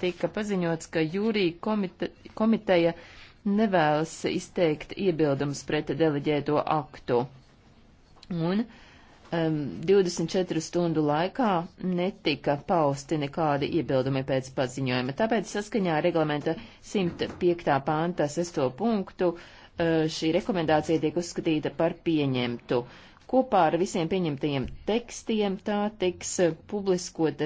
tika paziņots, ka jūrija komite, komiteja nevēlas izteikt iebildumus pret deleģēto aktu. Un um, 24 stundu laikā netika pausti nekādi iebildumi pēc paziņojuma. Tāpēc saskaņā ar reglamenta 105. pānta 6. punktu uh, šī rekomendācija tiek uzskatīta par pieņemtu. Kopā ar visiem pieņemtajiem tekstiem tā tiks publiskot